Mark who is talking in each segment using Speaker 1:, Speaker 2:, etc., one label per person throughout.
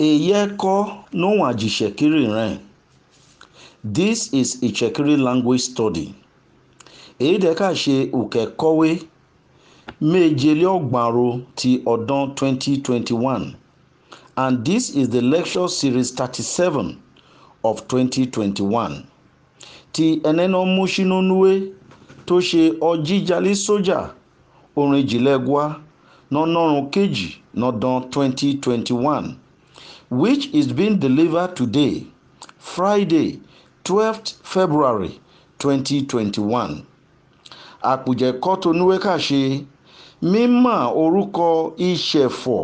Speaker 1: Eyeko Nonwa Jishekiri Ren. This is Ichekiri language study. Èyí dẹ̀ ká ṣe òkèkọ́wé méjelélọ́gbàro ti ọdún 2021 and this is the lecture series 37 of 2021 ti Eneno Mushinonue tó ṣe ọjíjalè sójà orin jìlẹ́gwá nọ́nọ́rùn kejì nọ́dún 2021 which is being delivered today, Friday, 12th February 2021. Àpùjẹ̀kọ́ Tonúwékàṣe mímọ̀ orúkọ ìṣẹ̀fọ̀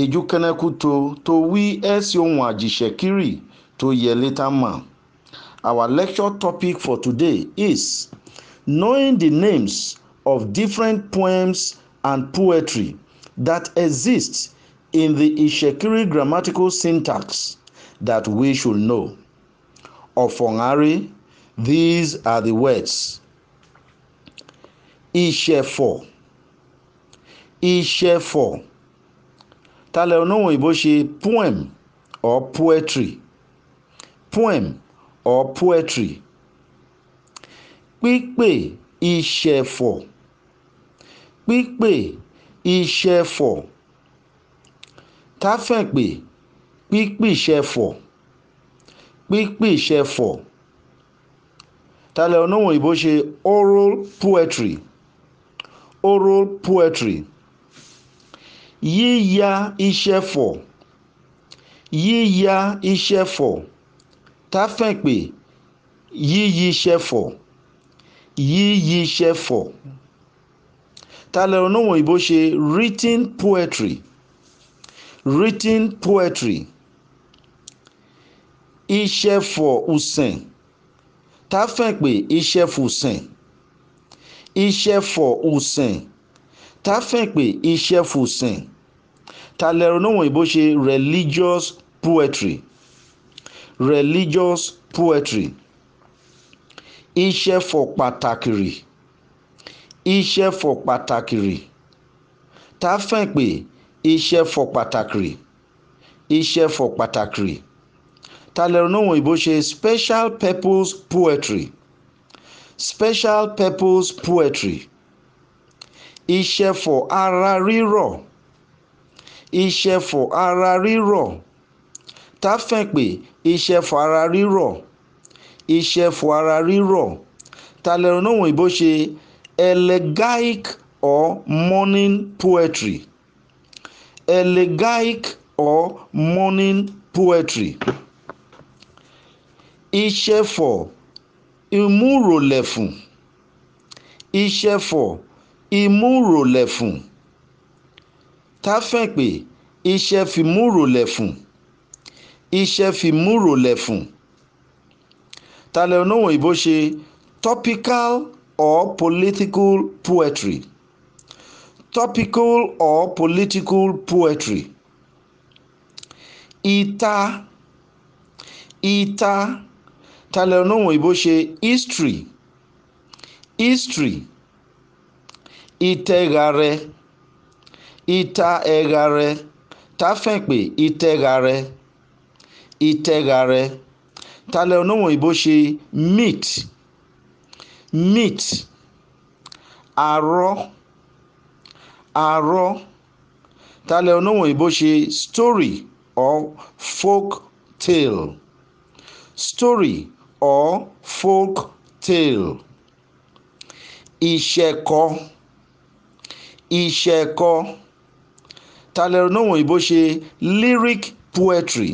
Speaker 1: èjúkẹ́nẹ́kú tó tó wí ẹ̀sìn ohun àjìṣẹ́kírì tó yẹ létà mọ̀. Our lecture topic for today is knowing the names of different poems and poetry that exist in the Ishekiri grammatical syntax that we should know. Ofongari, these are the words. Ishefo, Ishefo. talẹ̀ oníwọ̀n òyìnbó ṣe poem or poetry poem or poetry pípè ìṣẹ̀fọ̀ pípè ìṣẹ̀fọ̀ káfẹ̀pé pípìṣẹ̀fọ̀ pípìṣẹ̀fọ̀ tálẹ̀ onímọ̀ òyìnbó ṣe oral poetry oral poetry yíya ìṣẹ̀fọ̀ yíya ìṣẹ̀fọ̀ káfẹ̀pé yíyí ìṣẹ̀fọ̀ yíyí ìṣẹ̀fọ̀ tálẹ̀ onímọ̀ òyìnbó ṣe written poetry written poetry ìṣẹ̀fọ̀ usẹ̀n táfẹ̀pẹ̀ ìṣẹ̀fọ̀ usẹ̀n ìṣẹ̀fọ̀ usẹ̀n táfẹ̀pẹ̀ ìṣẹ̀fọ̀ usẹ̀n talẹ̀rọ níwọ̀n ìbò ṣe religious poetry religious poetry ìṣẹ̀fọ̀ pàtàkìrì ìṣẹ̀fọ̀ pàtàkìrì táfẹ̀pẹ̀ iṣẹ́ fọ pàtàkì rì iṣẹ́ fọ pàtàkì rì ta lẹ́rọ ìbò ṣe special purpose poetry special purpose poetry iṣẹ́ fọ ara rírọ̀ iṣẹ́ fọ ara rírọ̀ ta fẹ́ pé iṣẹ́ fọ ara rírọ̀ iṣẹ́ fọ ara rírọ̀ ta ìbò ṣe elegiac or morning poetry elegiac or morning poetry. ìṣẹ̀fọ̀ ìmúròlẹ̀fùn ìṣẹ̀fọ̀ ìmúròlẹ̀fùn táfẹ̀pẹ̀ ìṣẹ̀fìmúròlẹ̀fùn ìṣẹ̀fìmúròlẹ̀fùn tàlẹ́ọ̀nù òyìnbó ṣe topical or political poetry topical or political poetry. Ita, ita, talẹ̀ onáwọn ṣe history history ìtẹ̀gàrẹ̀ ìta ẹ̀gàrẹ̀ táfẹ̀pẹ̀ ìtẹ̀gàrẹ̀ ìtẹ̀gàrẹ̀ talẹ̀ onáwọn ṣe meat meat àárọ̀ arọ tálẹ̀ oníwọ̀n òyìnbó ṣe story or folk tale story or folk tale ìṣẹ̀kọ ìṣẹ̀kọ tálẹ̀ oníwọ̀n òyìnbó ṣe lyric poetry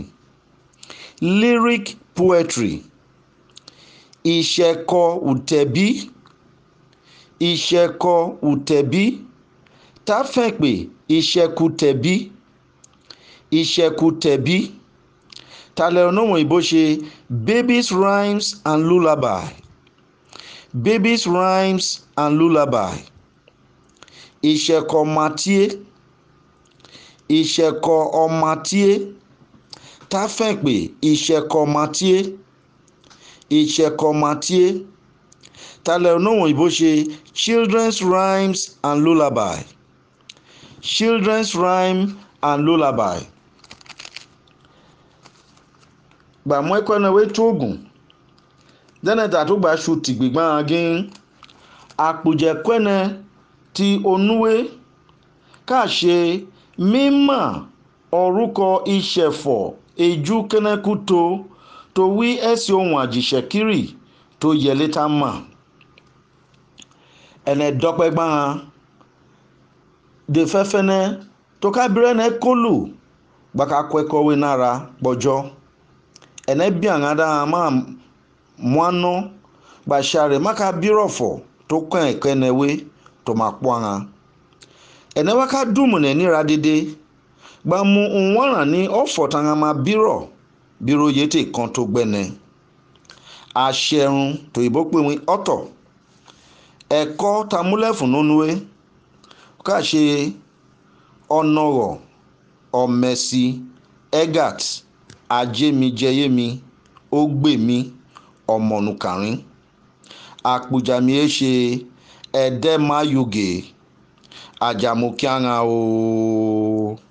Speaker 1: lyric poetry ìṣẹ̀kọ ùtẹ̀bí ìṣẹ̀kọ ùtẹ̀bí táfẹ̀pẹ́ ìṣekútẹ̀bí ìṣekútẹ̀bí tàlẹ́ọ̀nùmù ìbò ṣe babies rhymes and lullaby babies rhymes and lullaby ìṣẹ̀kọ̀ matíé ìṣẹ̀kọ̀ ọmatíé táfẹ̀pẹ́ ìṣẹ̀kọ̀ matíé ìṣẹ̀kọ̀ matíé tàlẹ́ọ̀nùmù ìbò ṣe children's rhymes and lullaby children's rhyme and lullaby. gbàmúẹ́kọ́ náà wé tóògùn dẹ́nẹ̀tà tó gbà ṣu ti gbígbọ́n agín àpòjẹ̀kọ́nẹ ti onúwé káṣe mímọ̀ orúkọ ìṣẹ̀fọ̀ ejú kẹ́nẹ́kú tó tó wí ẹ̀sìn ohun àjìṣẹ́ kiri tó yẹ létà mọ̀ ẹ̀nẹ̀dọ́pẹ́ gbọ́n de fefene tokabirene kolu gbakakwekọwe nara kpọjọ enebiangada ma mụanụ re maka birọfọ tokwen ekenewe tomakpọha enewaka dumune nira dede gbamu nwara ni ọfọtanga ma birọ biro yete kan tó gbẹnẹ to tòyìnbó pé wọn ọtọ ẹkọ n'onu E Kache Onoro Omesi Edgat: Ajèmijẹyémi, ó gbè mí, ọ̀mọ̀nùkàrìń; àpèjá mi e ṣe ẹdẹmáyògè, ájàmú o